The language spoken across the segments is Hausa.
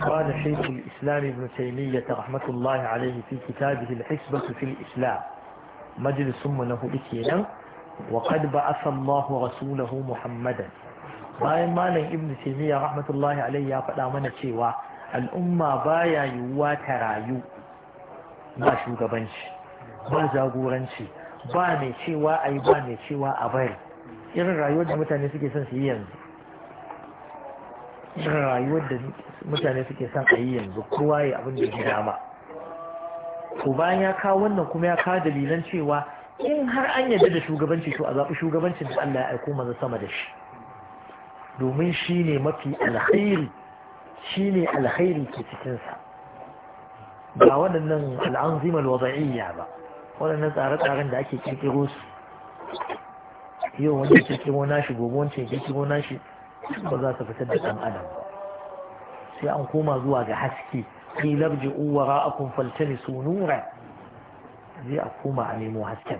قال شيخ الإسلام ابن تيمية رحمة الله عليه في كتابه الحسبة في الإسلام مجلس منه إتينا وقد بعث الله رسوله محمدا bayan malam ibn taymiya rahmatullahi alaihi ya faɗa mana cewa al'umma baya yiwuwa ta rayu ba shugabanci ba jagoranci ba mai cewa a ba mai cewa a bari irin rayuwar da mutane suke son su yi yanzu irin rayuwar da mutane suke son a yi yanzu kowa ya abin da ya dama to bayan ya kawo wannan kuma ya kawo dalilan cewa in har an yarda da shugabanci to a zaɓi shugabancin da Allah ya aiko maza sama da shi domin shi ne mafi alkhairi shi ne alkhairi ke cikinsa ba waɗannan al'anzimar waza'iyya ba waɗannan tsare-tsaren da ake kirkiro su yau wani kirkiro nashi gobe wancan kirkiro nashi ba za ta fitar da ɗan adam sai an koma zuwa ga haske fi larji uwara a faltani su nura zai a koma a nemo hasken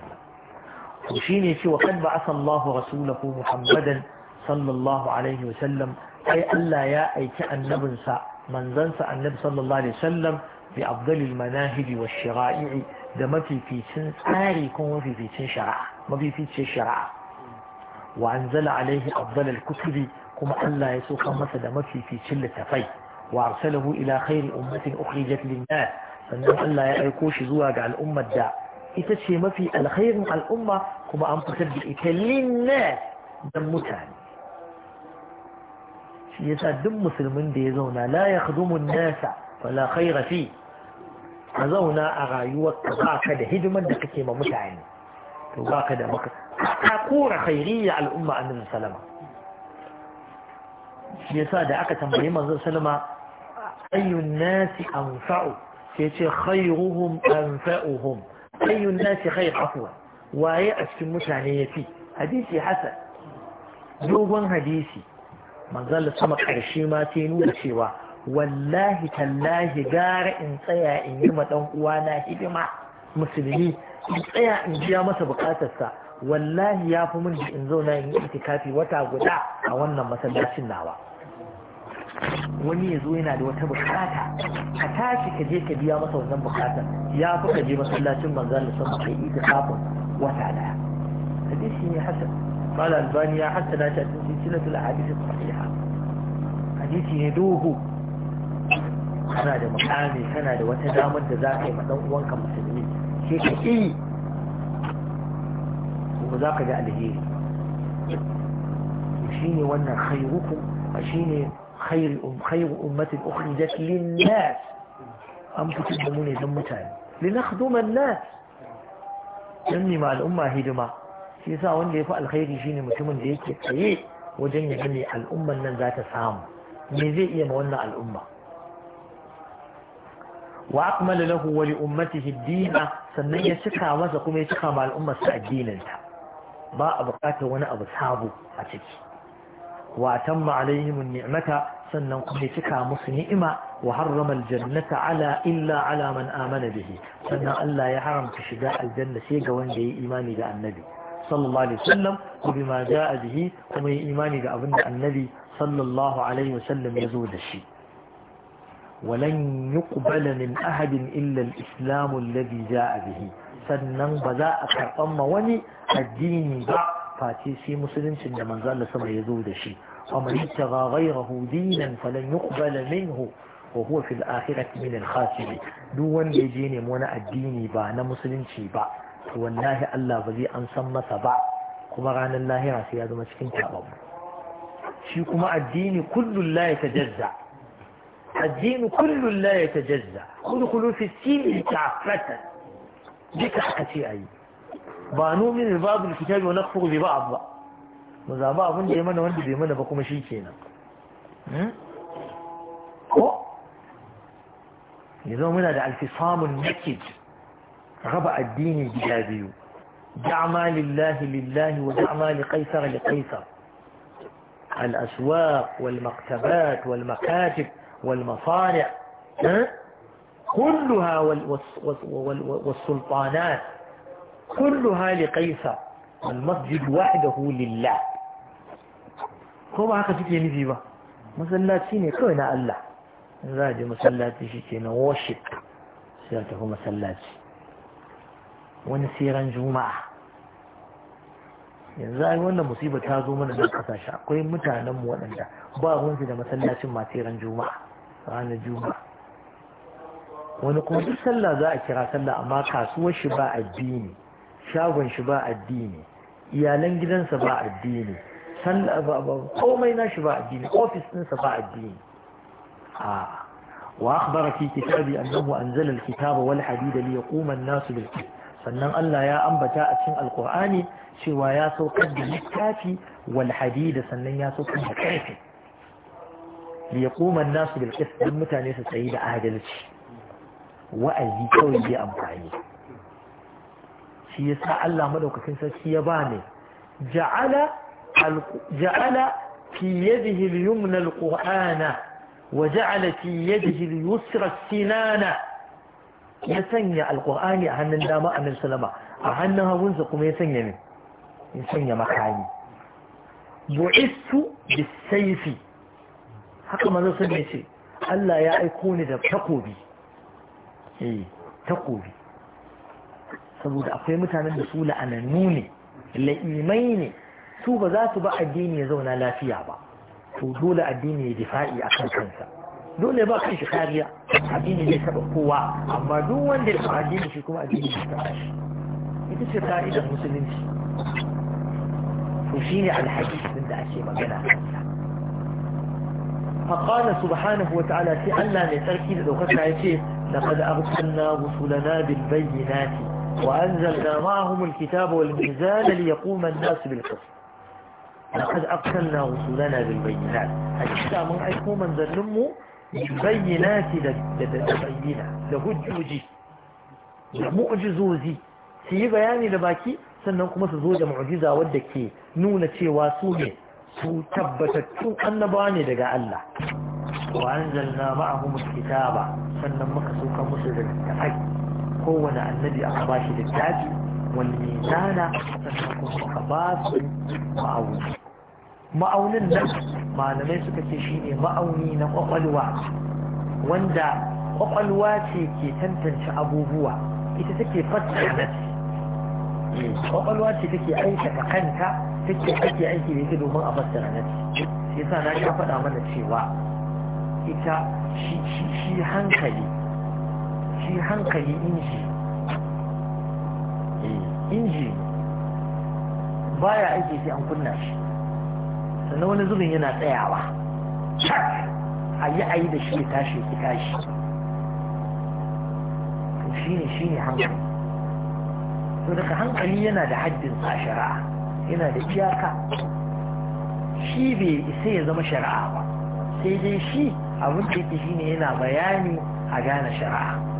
to shi ne cewa kan ba asan Allah rasulahu muhammadan sallallahu alaihi wasallam ai Allah ya aiki annabinsa manzansa annabi sallallahu alaihi wasallam bi afdalil manahiji wa shara'i da mafificin tsari ko mafificin shari'a mafificin shari'a wa anzala alaihi afdalil kutubi كما الله يسوخ مثل مثل في شلة فيه وارسله الى خير امة اخرجت للناس فانه الله يأيكوش زواج على الامة دا اتشي ما في الخير مع الامة كما امتسد للناس دم تاني يسا دم مسلمين دي زونا لا يخدم الناس فلا خير فيه أزونا أغايوة تباك ده هدما دا كتيمة متعين تباك ده مكتب تقور خيرية على الأمة أن نسلمها shi yasa da aka tambayi manzon sallama ayyun nasi anfa'u ke ce khairuhum anfa'uhum ayyun nasi khair afwa waye a cikin mutane yafi hadisi hasan dogon hadisi manzon sama karshe ma sai nuna cewa wallahi tallahi gara in tsaya in yi ma dan uwana hidima musulmi in tsaya in biya masa bukatarsa wallahi ya fi min in zauna in yi itikafi wata guda a wannan masallacin nawa wani ya zo yana da wata bukata ka tashi ka je ka biya masa wannan bukata ya fi ka je masallacin manzan da sama kai itikafin wata daya hadisi ne hasan qala albani ya hasana ta cikin silsilatul ahadith sahiha hadisi ne dogo kana da mukami kana da wata damar da za ka yi ma dan uwanka musulmi to za ka ga alheri shi ne wannan khairukum shi ne khairu ummatin ukhrijat lin-nas an fitar da mu ne don mutane linakhduma an-nas dan ni ma al'umma hidima shi yasa wanda yafi alkhairi shine mutumin da yake tsaye wajen ya gane al'umman nan za ta samu me zai iya ma wannan al'umma wa akmala lahu wa li ummatihi ad sannan ya cika masa kuma ya cika ma al'ummar sa addinin ta ba a bukatar wani abu sabo a ciki wa tamma alaihim ni'mata sannan kuma cika musu ni'ima wa harrama jannata ala illa ala man amana bihi sannan Allah ya haramta shiga aljanna sai ga wanda ya yi imani da annabi sallallahu alaihi wasallam ko bima jaa bihi kuma ya imani da abin da annabi sallallahu alaihi wasallam ya zo da shi ولن يقبل من أحد إلا الإسلام الذي جاء به sannan ba za a karɓan ma wani addini ba face sai musuluncin da manzo Allah sama ya zo da shi wa man yattaqa dinan falan yuqbala minhu wa huwa fil akhirati min al khasirin duk wanda ya je nemo wani addini ba na musulunci ba to wallahi Allah ba zai an san masa ba kuma ranar lahira sai ya zama cikin tababu shi kuma addini kullun la yatajazza الدين كل لا يتجزع خلقوا في السين كعفة ديك حكتي أي بانو من بعض الكتاب ونخفق ببعض وذا بعض عندي من وعندي بمن بكم شيء كينا إذا من هذا الفصام النكد ربع الدين الجابي دعما لله لله ودعما لقيصر لقيصر الأسواق والمكتبات والمكاتب والمصانع كلها والسلطانات كلها لقيصر المسجد وحده لله كما أخذت يا نزيبا مسلاتيني كوينة الله راجع مسلاتي شكينا وشك سياته مسلاتي ونسيرا جمعه yanzu ai wannan Musiba ta zo mana nan kasashe akwai mutanen mu waɗanda ba ruwansu da masallacin materan juma'a ranar juma'a wani kuma duk sallah za a kira sallah amma kasuwar shi ba addini shagon shi ba addini iyalan gidansa ba addini komai na shi ba addini ofis ɗinsa ba addini a wa akhbara fi kitabi annahu anzala kitaba wal hadida li yaquma an-nasu bil sannan Allah ya ambata a cikin alkur'ani cewa ya saukar da littafi wal hadid sannan ya saukar da karfe li yaquma an nas bil qist mutane su tsayi da adalci wa'azi kawai ya amfani shi yasa Allah madaukakin sarki ya ba ne ja'ala ja'ala fi yadihi al-yumna al-qur'ana وجعل في يده اليسر السنانه ya sanya alkur'ani a hannun dama a nan salama a hannun hagunsa kuma ya sanya ne ya sanya makami bu'istu bisaifi haka manzo sun ne ce Allah ya aiko ni da takobi eh takobi saboda akwai mutanen da su la'anannu ne la'imai ne su ba za su ba addini ya zauna lafiya ba to dole addini ya difa'i akan kansa dole ba kai shi kariya addini zai taɓa kowa amma duk wanda ya taɓa addini shi kuma addini zai taɓa shi ita ce ka'idar musulunci to shi ne din da ake magana فقال سبحانه وتعالى في ألا نتركي لدوكتنا يتي لقد أرسلنا رسلنا بالبينات وأنزلنا معهم الكتاب والميزان ليقوم الناس بالقسط لقد أرسلنا رسلنا بالبينات من أيكم من ذنمه bayyinati da bayyina da hujjoji da mu'jizozi su yi bayani da baki sannan kuma su zo da mu'jiza wadda ke nuna cewa su ne su tabbatattun annabawa ne daga Allah wa anzalna ma'ahum kitaba sannan muka sauka musu da littafai kowane annabi aka bashi shi littafi wal na sannan kuma aka ba su ma'auni ma'aunin nan malamai suka ce shine ma'auni na kwakwalwa wanda kwakwalwa ce ke tantance abubuwa ita take fassara nafsi kwakwalwa ce take aikata kanta take ake aiki da ita domin a fassara sai yasa na ya faɗa mana cewa ita shi hankali shi hankali inji eh, inji baya aiki sai an kunna shi sannan wani zubin yana tsayawa a yi a yi da shi tashi ki tashi to shi ne shi ne hankali to daga hankali yana da haddin a shari'a yana da iyaka shi bai isa ya zama shari'a ba sai dai shi abin da yake shi ne yana bayani a gane shari'a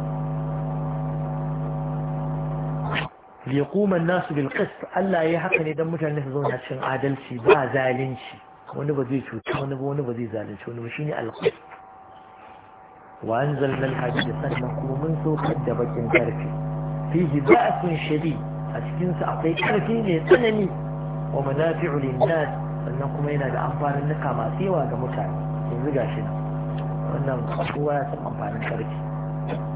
liƙuman nasu bil qist Allah ya haka ne dan mutane su zauna cikin adalci ba zalunci wani ba zai cuta wani ba wani ba zai zalunci wani ba shi ne qist wa anzalna al hajji sannan kuma mun saukar da bakin karfi fihi ba'sun shadid a cikin sa akwai ƙarfi mai tsanani wa manafi'u lin nas sannan kuma yana da amfanin nuka masu yawa ga mutane yanzu gashi nan wannan kowa ya san amfanin ƙarfi.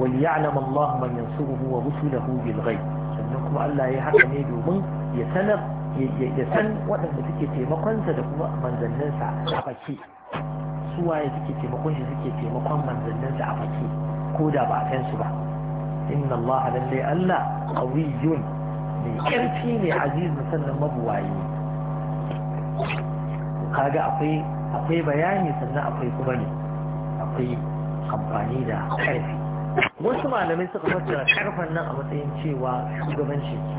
وليعلم الله من ينصره ورسله بالغيب sannan kuma Allah ya haka ne domin ya sanar ya san waɗanda suke taimakonsa da kuma manzanninsa a baki suwaye suke taimakon shi suke taimakon manzanninsa a baki ko da ba a san su ba inna Allah lallai Allah qawiyyun mai ƙarfi ne aziz sannan mabuwaye kaga akwai akwai bayani sannan akwai kuma ne akwai amfani da ƙarfi wasu malamai suka fassara karfan nan a matsayin cewa shugabanci ke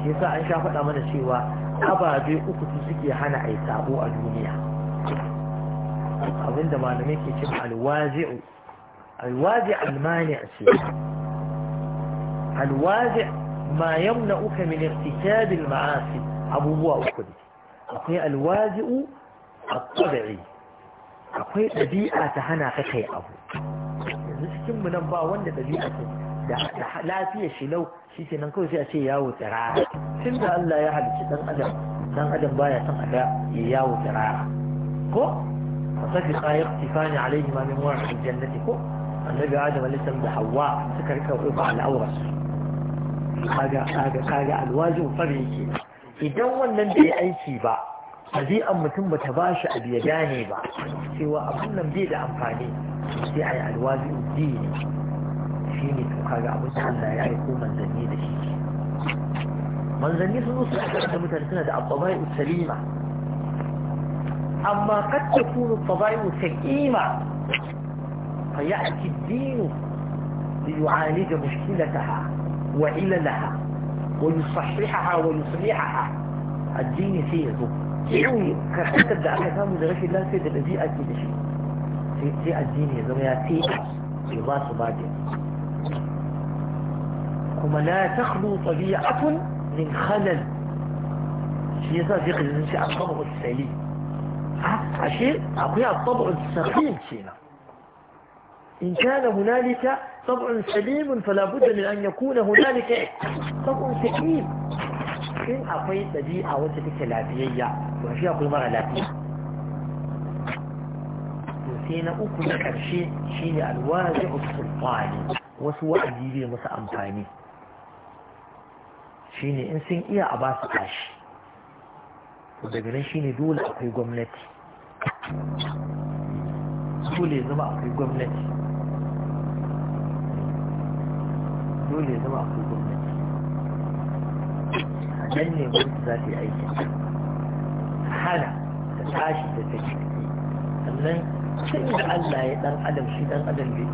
shi an sha faɗa mana cewa ababe uku su suke hana a yi sabo a duniya abinda malamai ke cin alwazi'u alwazi almani a ce alwazi ma na uka min irtikabil ma'asi abubuwa uku ne akwai alwazi'u a akwai ɗabi'a ta hana ka kai abu cikin mu nan ba wanda ɗabi'a ce da lafiya shi lau shi ke nan kawai sai a ce yawo tsirara tun da Allah ya halicci dan adam dan adam baya son a ga ya yawo tsirara ko fasafiqa tifani alayhi ma min war'i jannati ko annabi adam alaihi da hawa suka rika rufa al'aurar kaga kaga kaga alwajin fari yake idan wannan bai aiki ba ɗabi'an mutum bata bashi abu ya gane ba cewa abin nan bai da amfani تصيح يا الوازي الدين فيني لا يعيقوا من ذنية دشي من ذنية سنوص أحد متلسنة دعا السليمة أما قد تكون الضبايع سكيمة فيأتي الدين ليعالج مشكلتها وإلى ويصححها ويصلحها الدين فيه يعني كنت أبدأ أنا كان الله سيد الذي أتي دشي sai addini ya zama ya fi bai ba su ba kuma la takhlu tabi'atun min khalal shi yasa sai ka ji shi al-tabu as-salim ashe akwai al-tabu as-salim kenan إن كان هنالك طبع سليم فلا بد من أن يكون هنالك طبع سليم إن أقوي تبيئة وتتك لابيية وفي أقوي مرة لابية sai na uku na ƙarshe shine alwazi usulfani wasu wa'azi zai masa amfani Shi ne in sun iya a ba su tashi to daga nan shi ne dole akwai gwamnati dole zama akwai gwamnati dole zama akwai gwamnati a nan ne gwamnati za ta yi aiki hana ta tashi da ta sannan sai da Allah ya dan adam shi dan adam bai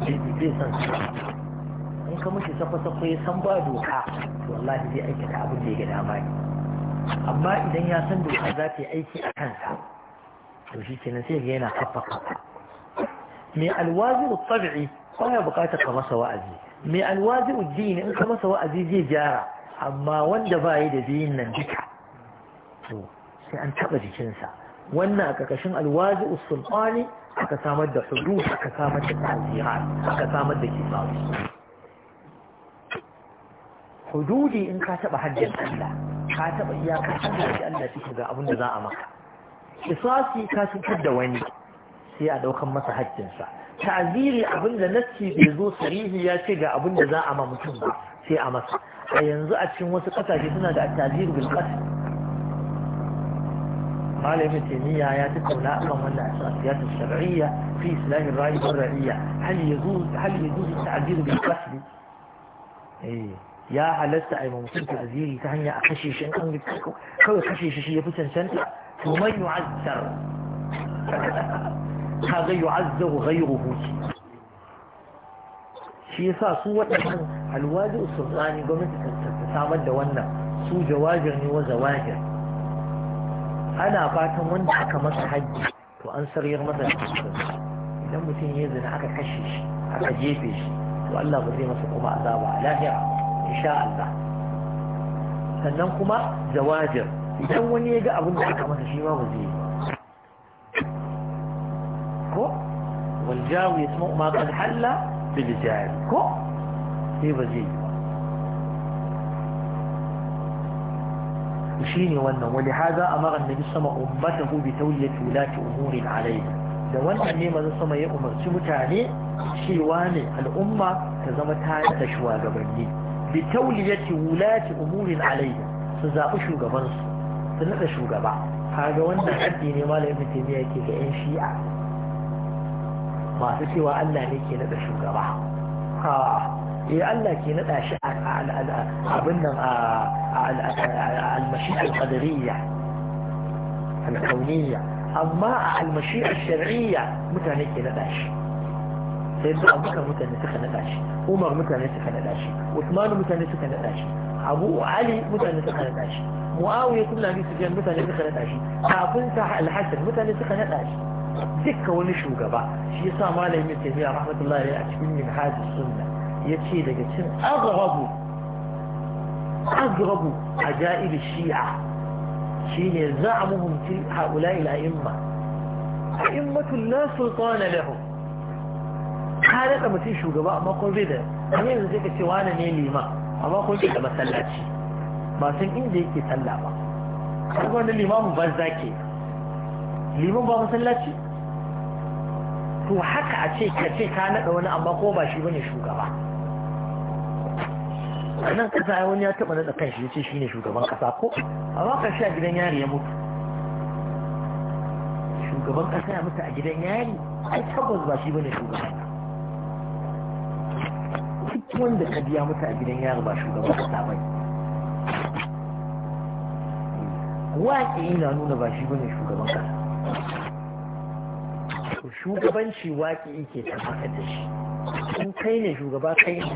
san su in ka mushi sako-sako ya san ba doka to wallahi zai ka abin da ya gada dama amma idan ya san doka za ta yi aiki a kansa to shi kenan sai ga yana kafa kafa mai alwazi tabi'i ya bukata ka masa wa'azi mai alwazi uddini in ka masa wa'azi zai gyara amma wanda ba yi da biyun nan duka to sai an taba jikinsa wannan a ƙarƙashin alwazi usulfani aka samar da hudu aka samar da tasirar aka samar da kisawu hududi in ka taba haddin Allah ka taɓa iyakar Allah da Allah take ga abin da za a maka kisasi ka cutar da wani sai a daukan masa hajjinsa. ta'ziri abin da nassi bai zo sarihi ya ce ga abin da za a ma mutum ba sai a masa a yanzu a cikin wasu ƙasashe suna da ta'zir bil qasd قال ابن تيمية آيات التولاء وهنا الأساسيات الشرعية في إسلام الرأي والرأية هل يجوز هل يجوز التعذير بالكفر؟ إيه يا حلست أي ممكن تعذير تهني أخشي شيء أن يكفرك كل أخشي شيء سن يفوت إنسان ثم يعذر هذا يعذر غيره شيء صار صوة الواد السلطاني قمت تتعمد وانا سو جواجرني وزواجرني ana fatan wanda aka masa hajji to an sarriyar masa idan mutum ya zina aka kashe shi aka jefe shi to Allah ba zai masa kuma azaba a lahira insha Allah sannan kuma zawajir idan wani ya ga abin da aka masa shi ma ba zai ko waljawi yasma'u ma qad halla bil ko sai ba zai shine wannan wani haza a amara annabi sama ummata bi tawliyati ulati umurin alayhi da wannan ne manzo sama ya umarci mutane cewa ne al'umma ta zama ta da shugabanni bi tawliyati ulati umurin alayhi su zaɓi shugabansu su naɗa shugaba kaga wannan haddi ne malamin mutumiya yake ga yan shi'a masu cewa Allah ne ke naɗa shugaba ha eh Allah ke nada shi a abin nan a al-mashi'a al-qadariyya al-kauniyya amma a al-mashi'a al-shar'iyya mutane ke nada shi sai su abuka mutane suka nada shi Umar mutane suka nada shi Usman mutane suka nada shi Abu Ali mutane suka nada shi Muawiya ibn Abi Sufyan mutane suka nada shi kafin sa al-Hasan mutane suka nada shi dukkan wani shugaba shi yasa malamin tafiya rahmatullahi a cikin minhajus sunna ya ce daga cin agarabu agarabu a ja'ir shi'a shi ne za a muhimci haula ila'imma a'immatun la sultana lahu ka daɗa mutum shugaba amma kun zai da an yanzu sai ka ce wane ne lima amma kun zai da masallaci ba san inda yake sallah ba har wani ba za ke liman ba masallaci to haka a ce ka ce ka naɗa wani amma ko ba shi bane shugaba Wannan nan kasa wani ya taɓa nada kan shi ya ce shi ne shugaban ƙasa ko a waka shi a gidan yari ya mutu shugaban kasa ya mutu a gidan yari ai tabbas ba shi bane shugaban duk wanda ka biya mutu a gidan yari ba shugaban ƙasa ba waƙi na nuna ba shi bane shugaban ƙasa shugabanci waƙi ke tabbatar da shi in kai ne shugaba kai ne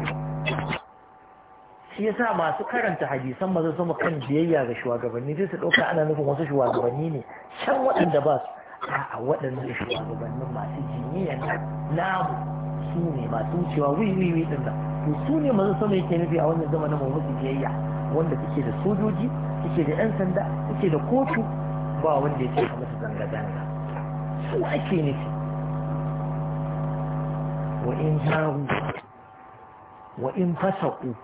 shi yasa masu karanta hadisan maza sama kan biyayya ga shugabanni sai su ɗauka ana nufin wasu shugabanni ne can waɗanda ba su a waɗanda shugabannin masu jiniya namu su ne masu wucewa wiwiwi ɗin nan to su ne maza sama yake nufi a wannan zamanin mu musu biyayya wanda kike da sojoji kike da 'yan sanda kike da kotu ba wanda ya ce ka musu zanga-zanga su ake nufi wa in jaru wa in fasaku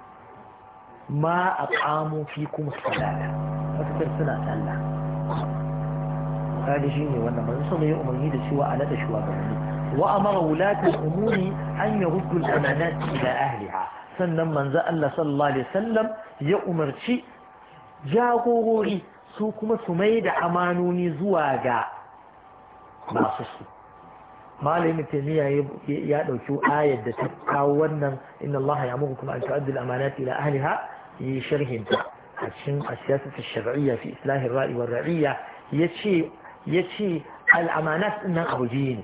ma a ƙamo fi kuma salata matakar suna sallah kaji shi ne wannan manzo sama yi umarni da shi cewa a nada shugabanni wa amara wulatul umuri an yaruddu al-amanat ila ahliha sannan manzo Allah sallallahu alaihi wasallam ya umarci jagorori su kuma su mai da amanoni zuwa ga masu su malamin taimiyya ya dauki ayar da ta kawo wannan inna Allah ya muku kuma an tu'addu al-amanati ila ahliha في شرهم السياسة الشرعية في إصلاح الرأي والرعية يتشي يتشي الأمانات إن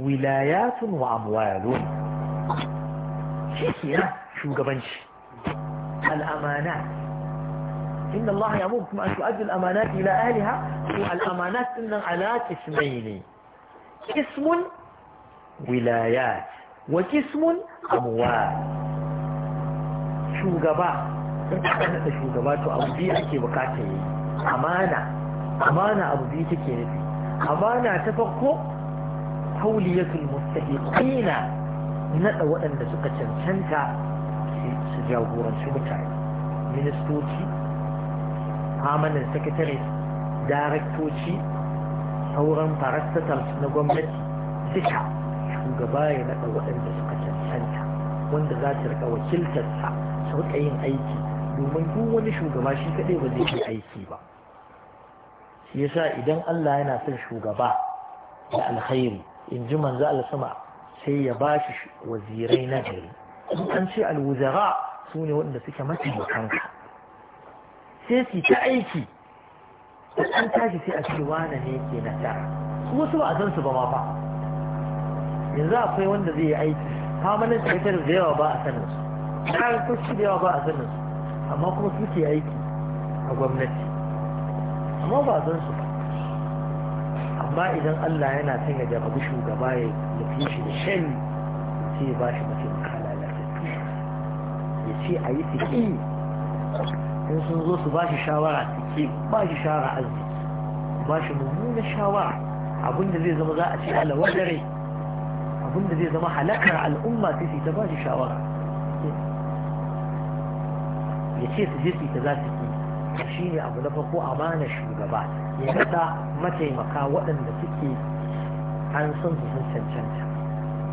ولايات وأموال شيء شو قبنش الأمانات إن الله يأمركم أن تؤدي الأمانات إلى أهلها الأمانات إن على اسمين اسم ولايات وجسم أموال shugaba in aka naɗa shugaba to abu biyu ake bukata yi amana amana abu biyu take nufi amana ta farko hauliyatul mustahiqina naɗa waɗanda suka cancanta su jagoranci mutane ministoci permanent secretaries daraktoci sauran parastatals na gwamnati duka shugaba ya naɗa waɗanda suka cancanta wanda za su riƙa wakiltarsa su rika yin aiki domin duk wani shugaba shi kaɗai ba zai yi aiki ba shi yasa idan Allah yana son shugaba da alkhairi in ji manzo alsama sai ya ba shi wazirai na gari an ce alwuzara su ne waɗanda suke mataimakanka sai su ta aiki da an tashi sai a ce wane ne ke na su wasu ba a san su ba ma fa yanzu akwai wanda zai yi aiki famanin tafiya da yawa ba a sanin su harkoki da yawa ba a sanin su amma kuma suke aiki a gwamnati amma ba zan su ba amma idan Allah yana son ya jarabi shugaba ya nufi shi da shan sai ya ba shi mutum kalala ya ce a yi fiki in sun zo su ba shi shawara fiki ba shi shawara arziki ba shi mummuna shawara abinda zai zama za a ce ala wadare abinda zai zama halakar al'umma sai ta ba shi shawara ya ce su je su za su ke. yi shi ne abu na farko amana shugaba ya nada mataimaka waɗanda suke an san su sun cancanta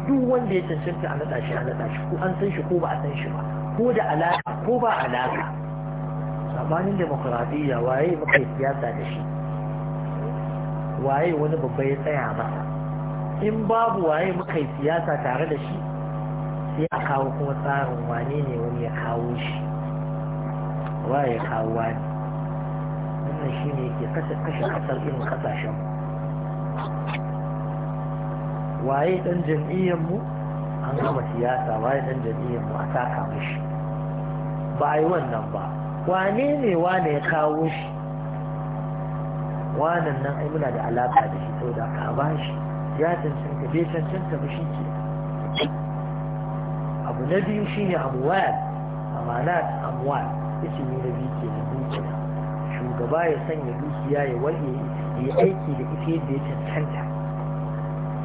duk wanda ya cancanta a naɗa shi a naɗa shi ko an san shi ko ba a san shi ba ko da alaƙa ko ba alaƙa sabanin demokuraɗiyya waye muka siyasa da shi waye wani babba ya tsaya masa in babu waye muka siyasa tare da shi sai a kawo kuma tsarin wane ne wani ya kawo shi waye kawuwa ne? wannan shi ne ke kashe kasar irin kasashen waye dan jam'iyyarmu mu an gama siyasa waye dan jam'iyyarmu a taka mashi ba a yi wannan ba wane ne wane ya kawo shi wanan nan ai muna da alaka da shi da ka ba shi ya cancanta bai cancanta ba shi ke abu na biyu shine amwal amanat amwal isimi na biyu ke na dukiya shugaba ya sanya dukiya ya wani ya aiki da ita da ya cancanta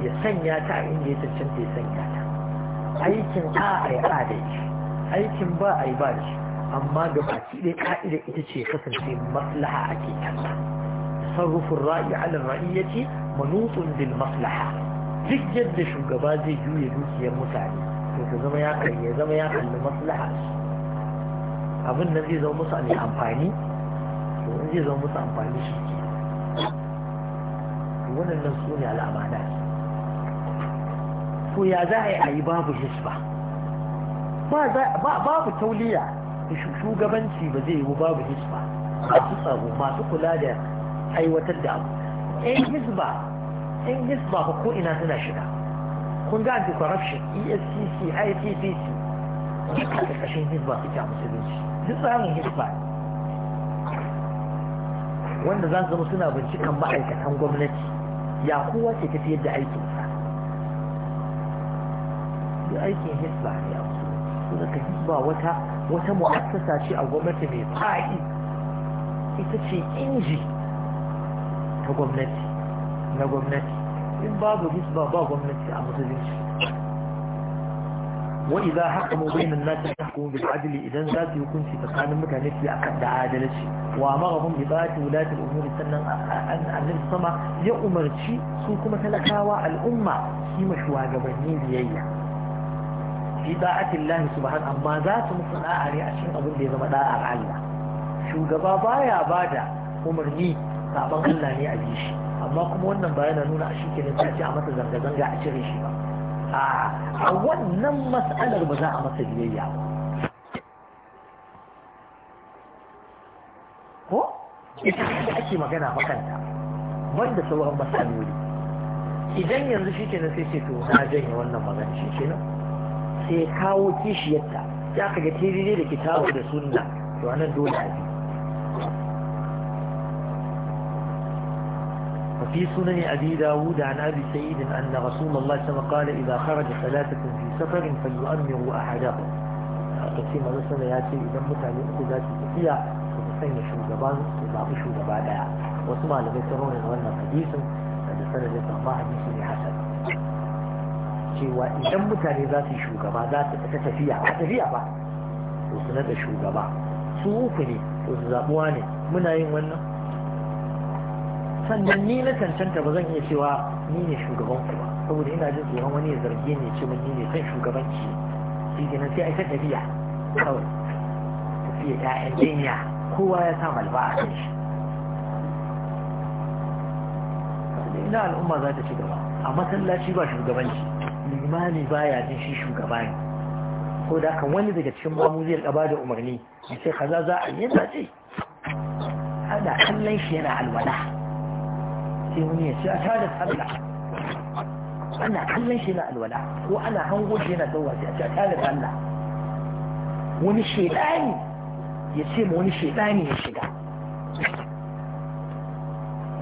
ya sanya ta a inda ya cancanta ya sanya ta aikin a a yi a da shi aikin ba a yi ba da shi amma ga baki ɗaya ka'ida ita ce kasance maslaha ake kalla sarrufin ra'ayi alin ra'ayi ya ce manutsun bil maslaha duk yadda shugaba zai juya dukiyar mutane to zama ya kalli maslaha abin nan zai zama musu mai amfani in zai zama musu amfani shi ke waɗannan su ne al'amana to ya za a yi a yi babu hisba babu tauliya shugabanci ba zai yi babu hisba masu tsaro masu kula da aiwatar da abu yan hisba yan hisba ko ina suna shiga kun ga anti-corruption efcc icpc duk a ƙarƙashin hizba suke a musulunci duk tsarin hizba wanda za zama suna binciken ma'aikatan gwamnati ya kowa ke tafiyar da aikinsa da aikin hizba ne a musulunci daga hizba wata wata mu'assasa ce a gwamnati mai fa'i ita ce inji ta gwamnati na gwamnati in babu hizba ba gwamnati a musulunci Wa'iza, haka mu bainan nas tahkumu bil idan za su hukunci tsakanin mutane su akan da adalci wa amarahum bi ba'ati ulati al umuri sannan annabi sama ya umarci su kuma talakawa al'umma shi ma shugabanni biyayya fi da'ati Allah subhanahu amma za su musu da'a ne a cikin abin da ya zama a Allah shugaba baya bada umarni sabon Allah ne a bi shi amma kuma wannan ba yana nuna a shi kenan ta ce a masa zanga-zanga a cire shi ba a wannan mas'alar ba za a masa biyayya ba ko ita da ake magana makanta wanda sauran matsaloli idan yanzu shi na sai ce to na janye wannan magana shi nan sai kawo kishiyarta ya kaga tirire da kitabu da sunna to anan dole a bi وفي سنن أبي داود عن أبي سعيد أن رسول الله صلى الله عليه وسلم قال إذا خرج ثلاثة في سفر فليؤمروا أحدهم قسم رسول ياتي إذا متعني أكو ذات التفيع وتسنى شوزبان وضعف شوزبان لها وسمع لبيترون الغنى حديثا هذا سنة لتعمى حديث حسن cewa idan mutane za su yi shugaba za su ta tafiya ba tafiya ba to su nada shugaba su uku ne to su zaɓuwa ne muna yin wannan sannan ni na cancanta ba zan iya cewa ni ne shugaban ku ba saboda ina jin tsoron wani ya zarge ne ce mun ni ne san shugabanci shi nan sai aika tafiya kawai tafiya yan jinya kowa ya sa malba a kan shi ina al'umma za ta ci gaba a masallaci ba shugabanci limani baya jin shi shugaba ne ko da kan wani daga cikin mamu zai gaba da umarni sai kaza za a yi yadda ana kallon shi yana alwala sai wani ya ce a tada sallah ana kallon shi na alwala ko ana hango shi yana sauwa sai a ce a tada sallah wani shaidani ya ce ma wani shaidani ya shiga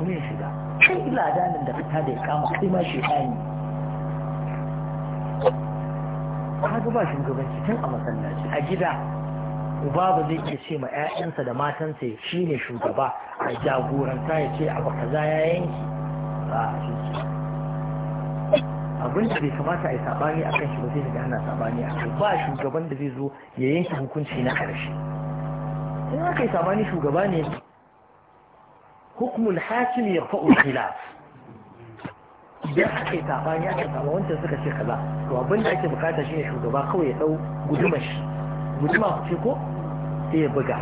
wani ya shiga kai ila danin da fita da ya kama kai ma shaidani ka ga ba shugabanci tun a masallaci a gida ubaba zai iya ce ma 'ya'yansa da matansa shi ne shugaba a jagoranta ya ce abu kaza ya yanki ba a ce Abinda bai kamata a yi sabani a kan shi ba zai da ana sabani a kai ba shugaban da zai zo ya yanki hukunci na ƙarshe in aka yi sabani shugaba ne hukumul hakim ya fa'ul khilaf idan aka yi sabani aka samu wancan suka ce kaza to abinda ake bukata shine shugaba kawai ya dau gudumar shi guduma ce ko sai ya buga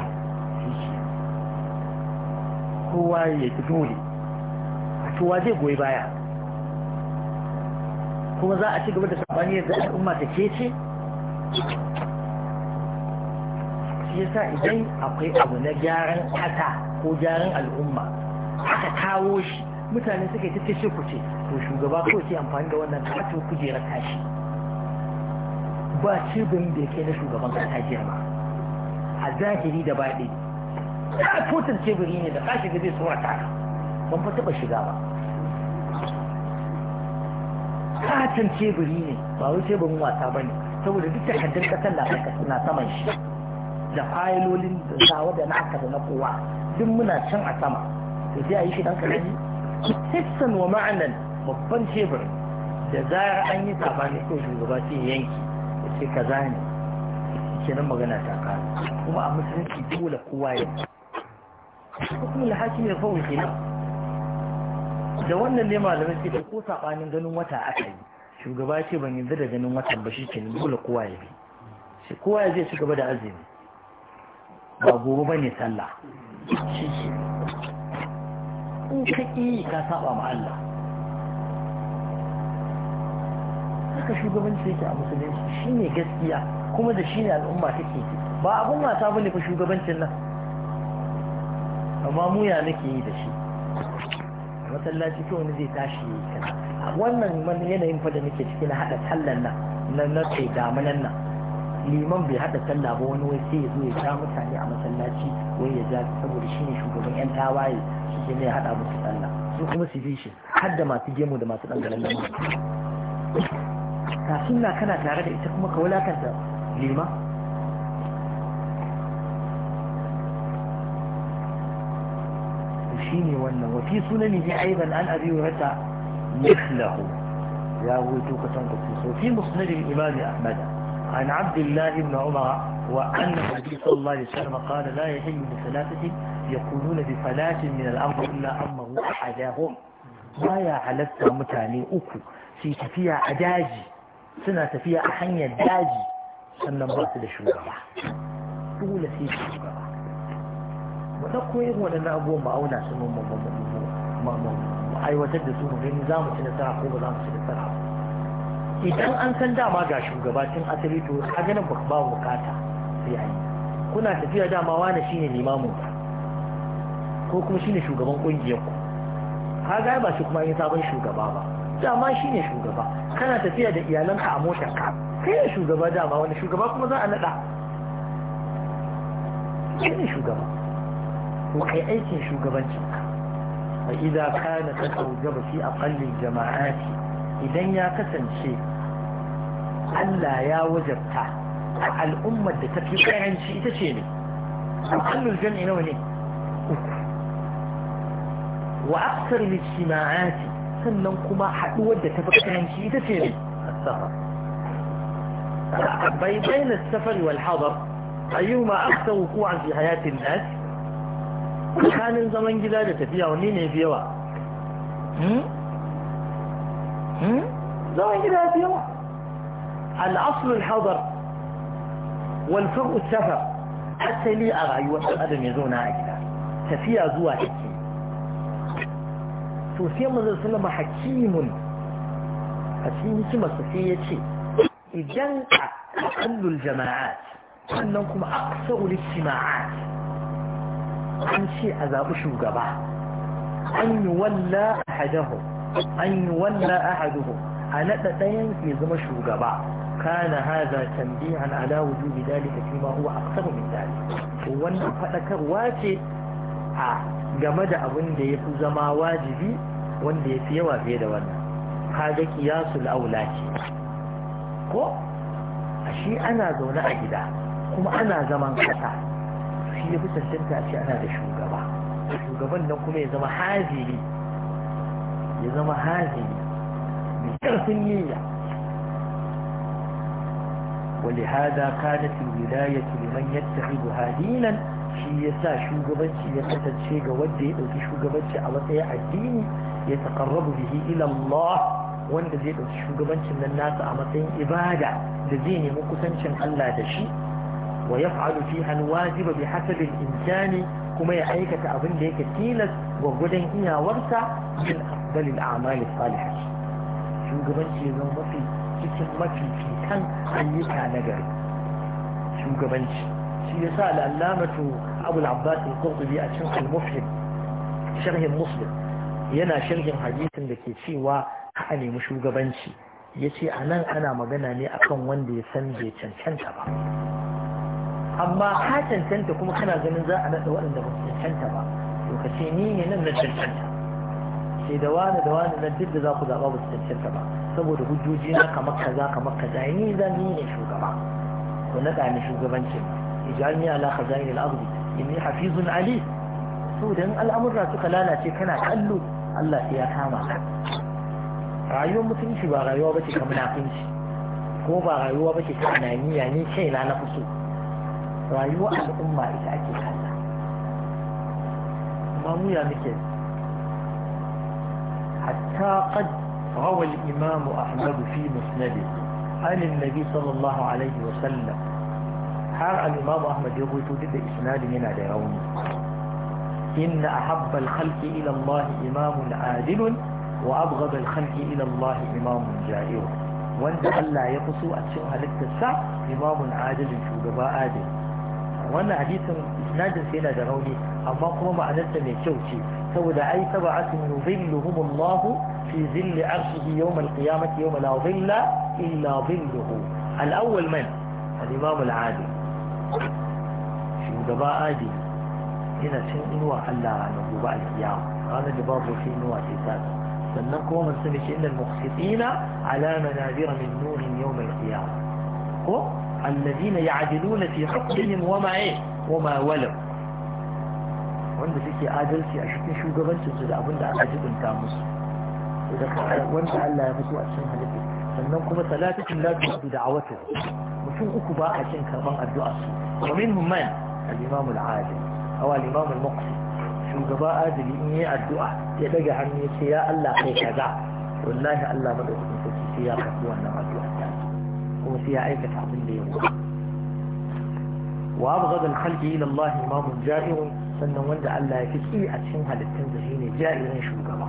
kowa ya dole a kowa zai goyi baya kuma za a ci gaba da sabani yadda al'umma ta ke ce shi yasa idan akwai abu na gyaran kata ko gyaran al'umma aka kawo shi mutane suka yi ta ce kuce to shugaba ko ke amfani da wannan kato kujerar tashi ba cibin da ke na shugaban kasa girma a zahiri da baɗi ka kotar teburi ne da ka shiga zai tsorata ka ban fa taɓa shiga ba Katin teburi ne ba wai teburin wasa ba ne saboda duk takardun ƙasar da aka suna saman shi da fayilolin da zawa da na aka da na kowa duk muna can a sama to sai a yi shi dan kalani hissan wa ma'anan babban tebur da zarar an yi sabani ko shugaba sai yanki ya ce kaza ne kenan magana ta kare kuma a musulunci dole kowa ya hukumin ne ya ke nan. da wannan ne malamai da ko saɓanin ganin wata aka yi shugaba ce ban yanzu da ganin watan ba shi kenan dole kowa ya bi shi kowa ya zai shugaba da azumi ba gobe ba ne sallah shi shi in ka yi ka saba ma Allah haka shugabanci yake a musulunci shi ne gaskiya kuma da shi ne al'umma take ba abin wasa bane fa shugabancin nan amma mu ya nake yi da shi masallaci ko wani zai tashi wannan man yanayin fa da nake ciki na hada sallan nan na kai damanan nan liman bai hada sallah ba wani wai sai ya zo ya ja mutane a masallaci wai ya ja saboda shi ne shugaban yan tawaye shi ne ya hada musu sallah su kuma su bi shi har da masu gemu da masu da mu kafin na kana tare da ita kuma ka wulakanta lima shi ne wannan wafi sunan ne aiban an abi wata mislahu ya wuce ka san kuma so fi musnadin imam ahmad an abdullah ibn umar wa an nabi sallallahu alaihi wasallam qala la yahillu bi thalathati yaqulun bi thalathin min al-amr illa amma wahidahum ba ya halatta mutane uku su tafiya a daji suna tafiya a hanyar daji sannan ba su da shugaba dole sai shugaba mu ɗauko irin waɗannan abubuwan ma'auna su mu aiwatar da su mu gani za mu ci nasara ko ba za mu ci nasara ba idan an san dama ga shugabancin asali to ka ganin ba ba bukata sai ayi. kuna tafiya dama wani shine limamin ka ko kuma shine shugaban kungiyar ku ka ga ba shi kuma yin sabon shugaba ba dama shine shugaba kana tafiya da iyalanka a motar ka kai ne shugaba dama wani shugaba kuma za a naɗa kai ne shugaba wa kai aikin shugabancinka a idan kana ta gaba fi a kallin jama'ati idan ya kasance Allah ya wajabta a al'ummar da ta fi karanci ita ce ne a al'ummar jam'i nawa ne wa aksar lijtima'ati sannan kuma haɗuwar da ta fi karanci ita ce ne a asafa بين السفل والحضر أيهما أكثر وقوعا في حياة الناس كان زمن جدا لتبيع ونين في يوا زمن جدا في يوا الأصل الحضر والفرق السفر حتى لي أيوة وأدم يزون عائلة تفيا زوا صلى الله مزل وسلم حكيم حكيم كما سفيا شيء idan aqallul jama'at sannan kuma aksarul ijtima'at an ce a zaɓi shugaba an yi walla ahadahu an yi walla a naɗa ɗayan ya zama shugaba kana haza tambihan ala wujubi dalika fi ma huwa aksaru min dalika wannan faɗakarwa ce a game da abin da ya fi zama wajibi wanda ya fi yawa fiye da wannan kaga kiyasul aula ce ko shi ana zaune a gida kuma ana zaman kasa shi ya fi cancanta ce ana da shugaba shugaban nan kuma ya zama haziri ya zama haziri mai ƙarfin niyya ولهذا كانت الولاية لمن يتخذها دينا shi ya sa shugabanci ya kasance ga wanda ya ɗauki shugabanci a matsayin addini ya taƙarrabu bihi ilallah Allah wanda zai ɗauki shugabancin nan nasa a matsayin ibada da zai nemi kusancin Allah da shi wa ya fa'alu fi wajiba bi hasabin insani kuma ya aikata abin da yake tilas gwagwadon iyawarsa min afdalil a'mali salihah shugabanci zan mafi cikin mafi fitan ayyuka na gari shugabanci shi yasa al'allamatu abul abbas al-qurtubi a cikin al sharhin muslim yana sharhin hadisin da ke cewa a nemi shugabanci ya ce a nan ana magana ne akan wanda ya san bai cancanta ba amma ka cancanta kuma kana ganin za a naɗa waɗanda ba su cancanta ba to ka ce ni ne nan na cancanta sai da wani da wani na duk da za ku zaɓa ba su cancanta ba saboda hujjoji na kamar kaza kamar kaza ni za ni ne shugaba to naɗa ni shugabancin ijalni ala khazainil ardi inni hafizun ali to dan al'amurra suka lalace kana kallo Allah sai ya kama ka rayuwar mutunci ba rayuwa ba ce ka munafunci ko ba rayuwa ba ce ta ananiya ne kai na na kusu rayuwa al'umma ita ake kalla amma mu ya muke hatta qad rawa al-imam ahmad fi musnadi an annabi sallallahu alaihi wa sallam har al-imam ahmad ya goyito duk da isnadin yana da rauni إن أحب الخلق إلى الله إمام عادل وأبغض الخلق إلى الله إمام جائر وانت ألا يقصوا أتشوها للتسع إمام عادل في قباء عادل وانا حديث إسناد سينا دروني أما قم معنسة من شوشي سودا أي سبعة يظلهم الله في ظل عرشه يوم القيامة يوم لا ظل إلا ظله الأول من الإمام العادل في قباء عادل هنا سنوا ألا نبوء القيامة هذا لبابه في نوى سيساته سمناكم ومن سنة شئنا المخصطين على منابر من نور يوم القيامة الذين يعدلون في حقهم وما ايه وما ولو وانا فيكي آدل في أشكين شو قبل تنزل أبونا أجد أنت أمس وانا ألا يبسو أسنها لك سمناكم ثلاثة لا تبقوا دعوته وشو أكبا أجنك من أدو أسنه ومنهم من الإمام العادل أو الإمام المقصد shugaba adali in yi addu'a ya daga hannu sai ya Allah kai kaza wallahi Allah madaukakin sarki sai ya karbi wannan addu'a ta kuma sai ya aikata abin da ya yi wa abghad al-khalqi ila Allah imamun ja'irun sannan wanda Allah ya fi a cikin halittun da shine ja'irin shugaba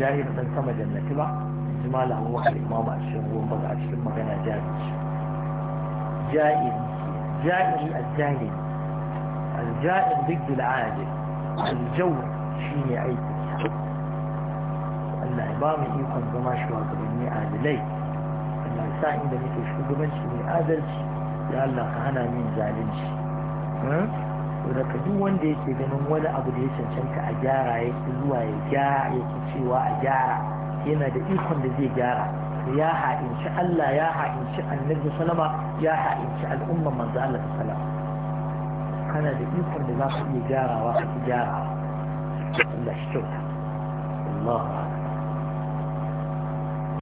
ja'ir dan sama jannati ba jimala huwa al-imam a cikin gomba a cikin magana ja'ir ja'ir ja'ir al-jahil الجائر ضد العاجل الجو شيعي الله إبامي يكون زما شو أقول إني عادلي الله سائل إني تشو قبل شيء عادل يا الله خانا من زالين شيء وإذا كدو وان دي تبنون ولا أبو دي سنشان كأجارة يتلوى يجارة يتشوى أجارة هنا دي يكون دي جارة ياها إن شاء الله ياها إن شاء النبي صلى الله ياها إن شاء الأمة من زالة صلى kana da ikon da za ka iya gyarawa ka gyarawa Allah shi kyauta Allah